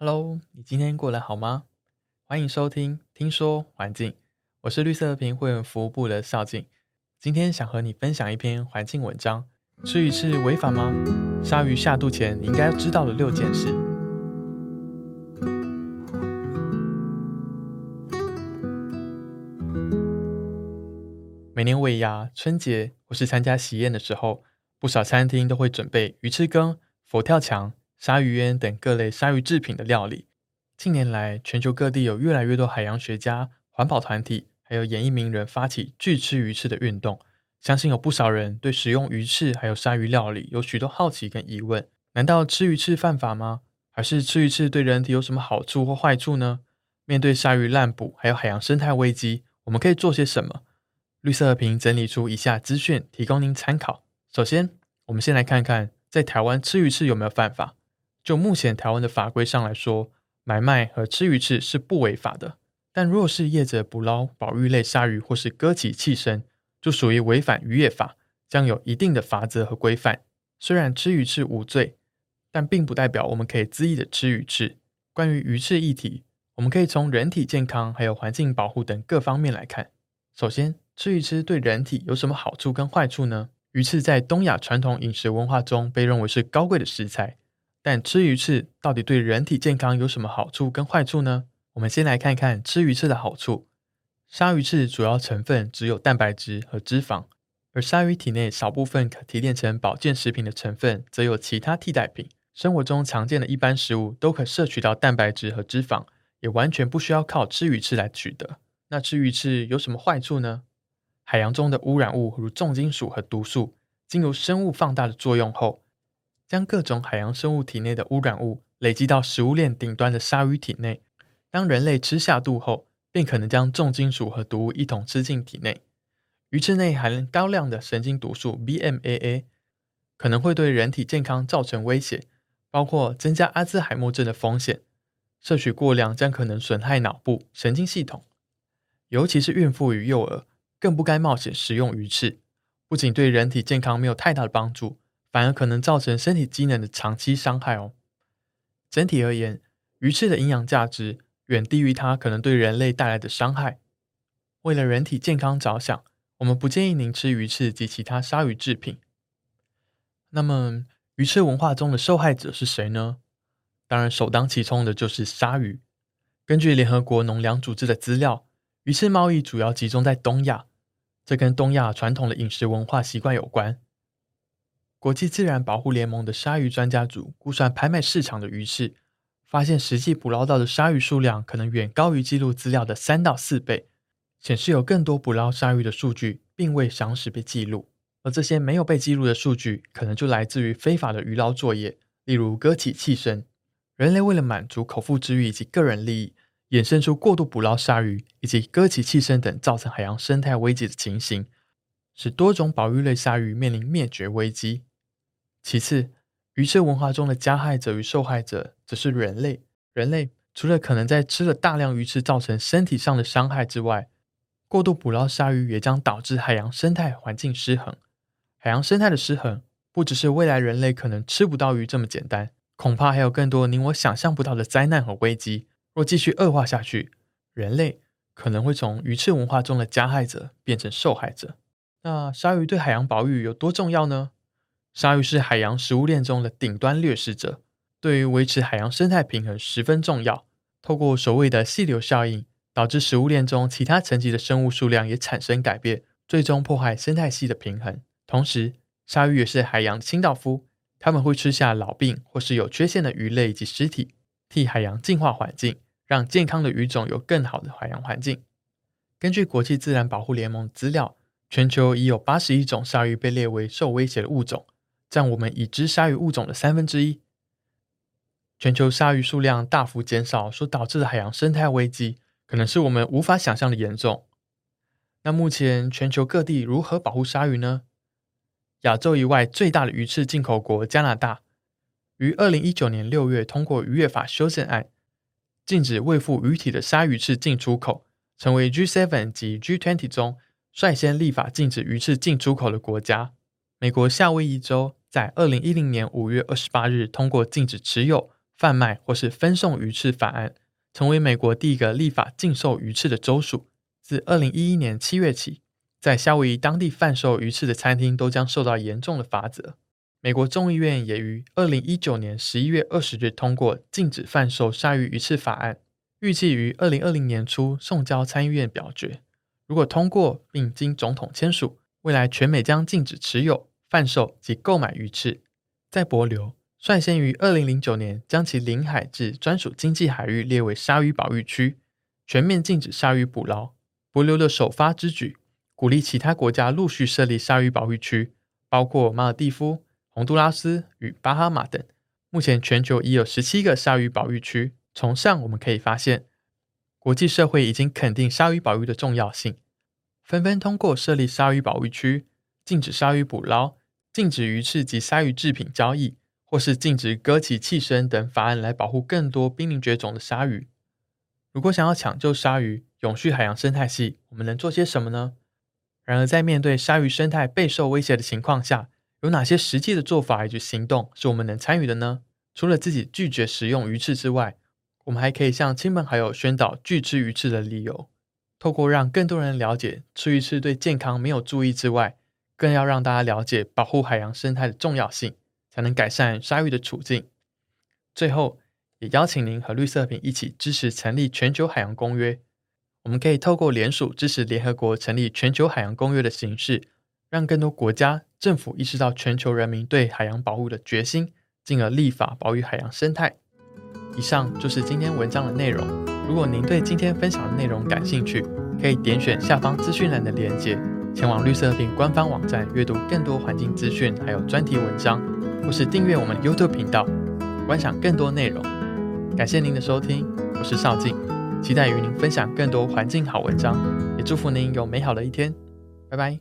Hello，你今天過得好嗎？歡迎收聽《聽說環境》，我是綠色和平會員服務部的邵靜，今天想和你分享一篇環境文章。吃魚翅違法嗎？鯊魚下肚前你應該知道的六件事。每年尾牙、春節或是參加喜宴的時候，不少餐廳都會準備魚翅羹、佛跳牆。鯊魚煙等各類鯊魚製品的料理。近年來全球各地有越來越多海洋學家、環保團體，還有演藝名人發起拒吃魚翅的運動。相信有不少人對食用魚翅還有鯊魚料理有許多好奇跟疑問。難道吃魚翅犯法嗎？還是吃魚翅對人體有什麼好處或壞處呢？面對鯊魚濫捕還有海洋生態危機，我們可以做些什麼？綠色和平整理出以下資訊，提供您參考。首先，我們先來看看在台灣吃魚翅有沒有犯法。就目前台灣的法規上來說，買賣和吃魚翅是不違法的。但若是業者捕撈保育類鯊魚或是割鰭棄身，就屬於違反漁業法，將有一定的法則和規範。雖然吃魚翅無罪，但並不代表我們可以恣意的吃魚翅。關於魚翅議題，我們可以從人體健康還有環境保護等各方面來看。首先，吃魚翅對人體有什麼好處跟壞處呢？魚翅在東亞傳統飲食文化中被認為是高貴的食材。但吃魚翅到底對人體健康有什麼好處跟壞處呢？我們先來看看吃魚翅的好處。鯊魚翅主要成分只有蛋白質和脂肪，而鯊魚體內少部分可提煉成保健食品的成分，則有其他替代品。生活中常見的一般食物都可攝取到蛋白質和脂肪，也完全不需要靠吃魚翅來取得。那吃魚翅有什麼壞處呢？海洋中的污染物，如重金屬和毒素，經由生物放大的作用後，將各種海洋生物體內的污染物累積到食物鏈頂端的鯊魚體內，當人類吃下肚後，便可能將重金屬和毒物一同吃進體內。魚翅內含高量的神經毒素 BMAA，可能會對人體健康造成威脅，包括增加阿茲海默症的風險。攝取過量將可能損害腦部、神經系統，尤其是孕婦與幼兒，更不該冒險食用魚翅，不僅對人體健康沒有太大的幫助。反而可能造成身體機能的長期傷害哦。整體而言，魚翅的營養價值遠低於它可能對人類帶來的傷害。為了人體健康着想，我們不建議您吃魚翅及其他鯊魚製品。那麼，魚翅文化中的受害者是誰呢？當然，首當其衝的就是鯊魚。根據聯合國農糧組織的資料，魚翅貿易主要集中在東亞，這跟東亞傳統的飲食文化習慣有關。國際自然保護聯盟的鯊魚專家組估算拍賣市場的魚翅，發現實際捕撈到的鯊魚數量可能遠高於記錄資料的三到四倍，顯示有更多捕撈鯊魚的數據並未詳實被記錄，而這些沒有被記錄的數據可能就來自於非法的漁撈作業，例如割鰭棄身。人類為了滿足口腹之欲以及個人利益，衍生出過度捕撈鯊魚以及割鰭棄身等造成海洋生態危機的情形，使多種保育類鯊魚面臨滅絕危機。其次，魚翅文化中的加害者與受害者則是人類。人類除了可能在吃了大量魚翅造成身體上的傷害之外，過度捕撈鯊魚也將導致海洋生態環境失衡。海洋生態的失衡，不只是未來人類可能吃不到魚這麼簡單，恐怕還有更多你我想象不到的災難和危機。若繼續惡化下去，人類可能會從魚翅文化中的加害者變成受害者。那鯊魚對海洋保育有多重要呢？鯊魚是海洋食物鏈中的頂端掠食者，對於維持海洋生態平衡十分重要。透過所謂的“細流效應”，導致食物鏈中其他層級的生物數量也產生改變，最終破壞生態系的平衡。同時，鯊魚也是海洋清道夫，他們會吃下老病或是有缺陷的魚類以及屍體，替海洋淨化環境，讓健康的魚種有更好的海洋環境。根據國際自然保護聯盟資料，全球已有八十一種鯊魚被列為受威脅的物種。佔我們已知鯊魚物種的三分之一，全球鯊魚數量大幅減少所導致的海洋生態危機，可能是我們無法想象的嚴重。那目前全球各地如何保護鯊魚呢？亞洲以外最大的魚翅進口國加拿大，於二零一九年六月通過《漁業法修正案》，禁止未附魚體的鯊魚翅進出口，成為 G7 及 G20 中率先立法禁止魚翅進出口的國家。美國夏威夷州，在二零一零年五月二十八日通過禁止持有、販賣或是分送魚翅法案，成為美國第一個立法禁售魚翅的州屬。自二零一一年七月起，在夏威夷當地販售魚翅的餐廳都將受到嚴重的罰則。美國眾議院也於二零一九年十一月二十日通過禁止販售鯊魚魚翅法案，預計於二零二零年初送交參議院表決。如果通過並經總統簽署，未來全美將禁止持有。販售及購買魚翅。在帛琉率先於二零零九年將其領海至專屬經濟海域列為鯊魚保育區，全面禁止鯊魚捕撈。帛琉的首發之舉，鼓勵其他國家陸續設立鯊魚保育區，包括馬爾地夫、宏都拉斯與巴哈馬等。目前全球已有十七個鯊魚保育區。從上我們可以發現，國際社會已經肯定鯊魚保育的重要性，紛紛通過設立鯊魚保育區，禁止鯊魚捕撈，禁止魚翅及鯊魚製品交易，或是禁止割鰭棄身等法案來保護更多瀕臨絕種的鯊魚。如果想要搶救鯊魚、永續海洋生態系，我們能做些什麼呢？然而，在面對鯊魚生態備受威脅的情況下，有哪些實際的做法以及行動是我們能參與的呢？除了自己拒絕食用魚翅之外，我們還可以向親朋好友宣導拒吃魚翅的理由，透過讓更多人了解吃魚翅對健康沒有注意之外。更要讓大家了解保護海洋生態的重要性，才能改善鯊魚的處境。最後，也邀請您和綠色和平一起支持成立全球海洋公約。我們可以透過聯署支持聯合國成立全球海洋公約的形式，讓更多國家政府意識到全球人民對海洋保護的決心，進而立法保育海洋生態。以上就是今天文章的內容。如果您對今天分享的內容感興趣，可以點選下方資訊欄的鏈接。前往綠色和平官方網站閱讀更多環境資訊，還有專題文章，或是訂閱我們的 YouTube 頻道，觀賞更多內容。感謝您的收聽，我是邵靜，期待與您分享更多環境好文章，也祝福您有美好的一天，拜拜。